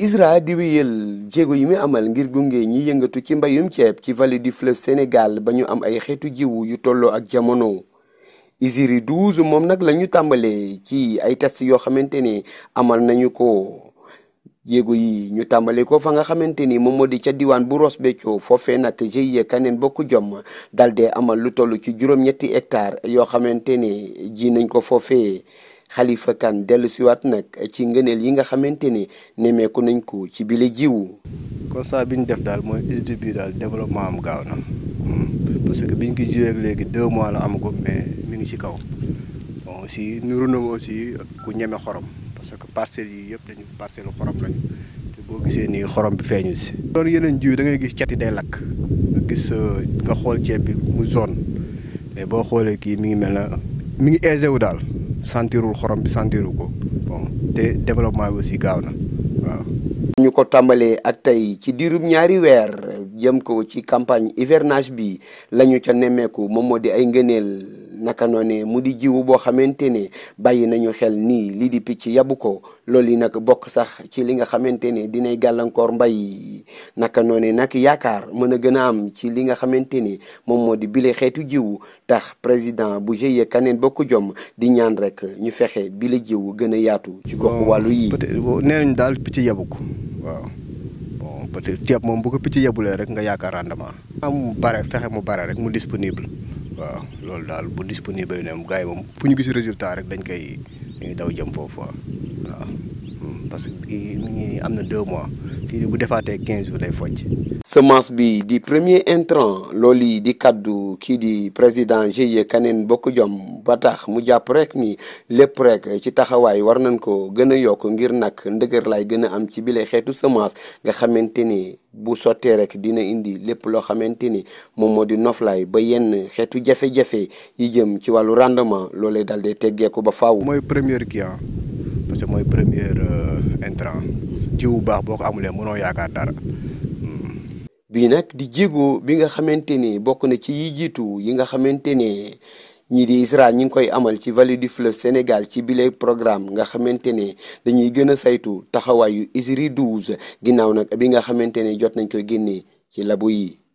ISRA di wéyal jéego yi muy amal ngir gunge ñi yëngatu ci mbayum ceeb ci vallée du fleuve Sénégal ba ñu am ay xeetu jiw yu tolloo ak jamono ISRI 12 moom nag lañu ñu tàmbalee ci ay test yoo xamante ni amal nañu ko jéego yi ñu tàmbalee ko fa nga xamante ni moom moo di ca diwaan bu Ross Béthio foofee nag GIE Kaneen Bokk Jom dal dee amal lu toll ci juróom-ñetti hectare yoo xamante ni ji nañ ko foofee. Khalifa Kane dellu siwaat nak ci ngëneel yi nga xamante ne nemeeku nañ ko ci bile jiwu constat bi ñu def daal mooy usdi bi daal développement am gaaw na hmm. parce que biñ ko jiwee léegi deux mois la amagum mais mi ngi ci kaw bon aussi nuru na aussi ku ñeme xorom parce que yi dañu parcelle xorom lañu te bo gisee ni xorom bi feeñu si doon yeneen jiw da ngay gis cati day lakk gis euh, nga xool ceeb bi mu zone mais bo xoolee ki mi ngi mi ngi aisé wu sentirul xorom bi sentiru ko bon te développement bi aussi gaaw na waaw. ñu ko tàmbalee ak tey ci diirub ñaari weer jëm ko ci campagne hivernage bi la ñu ca nemmeeku moom moo di ay ngëneel. naka noone mu di jiwu boo xamante ne bàyyi nañu xel ni lii di picc yabu ko loolu yi nag bokk sax ci li nga xamante ne dinay gàllankoor mbay yi naka noone nag yaakaar mën a gën a am ci li nga xamante ne moom moo di bile xeetu jiwu tax président bu GIE Kaneen Bokk Jom di ñaan rek ñu bile jiwu gën yaatu ci gox wàllu yi nee nañ picc yabu waaw bon peut être ceeb moom bu ko picc rek nga rendement am bare mu bare rek mu disponible waaw loolu daal bu disponible ne moom gars yi moom fu ñu gis résultat rek dañ koy dañuy daw jëm foofu waaw parce que kii mi am na deux mois kii bu defaatee quinze jours lay focc semence bi di premier intrant loolu di kaddu kii di président GIE Kaneen Bokk Jom ba tax mu jàpp rek ni lépp rek ci taxawaay war nañ ko gën a yokk ngir nag ndëgër lay gën a am ci bile xeetu semence nga xamante ni bu sottee rek dina indi lépp loo xamante ni moom moo di noflaay ba yenn xeetu jafe-jafe yi jëm ci wàllu rendement loolee dal di teggeeku ba faaw. mooy premier client. parce que mooy premier intrant euh, jiw bu baax boo ko amulee mënoo yaakaar dara. Hmm. bii nag di jéego bi nga xamante ni bokk na ci yi jiitu yi nga xamante ne ñii di ISRA ñi ngi koy amal ci vallée du fleuve Sénégal ci bile programme nga xamante ne dañuy gën a saytu taxawaayu ISRI duuse ginnaaw nag bi nga xamante ne jot nañ koy génnee ci labo yi.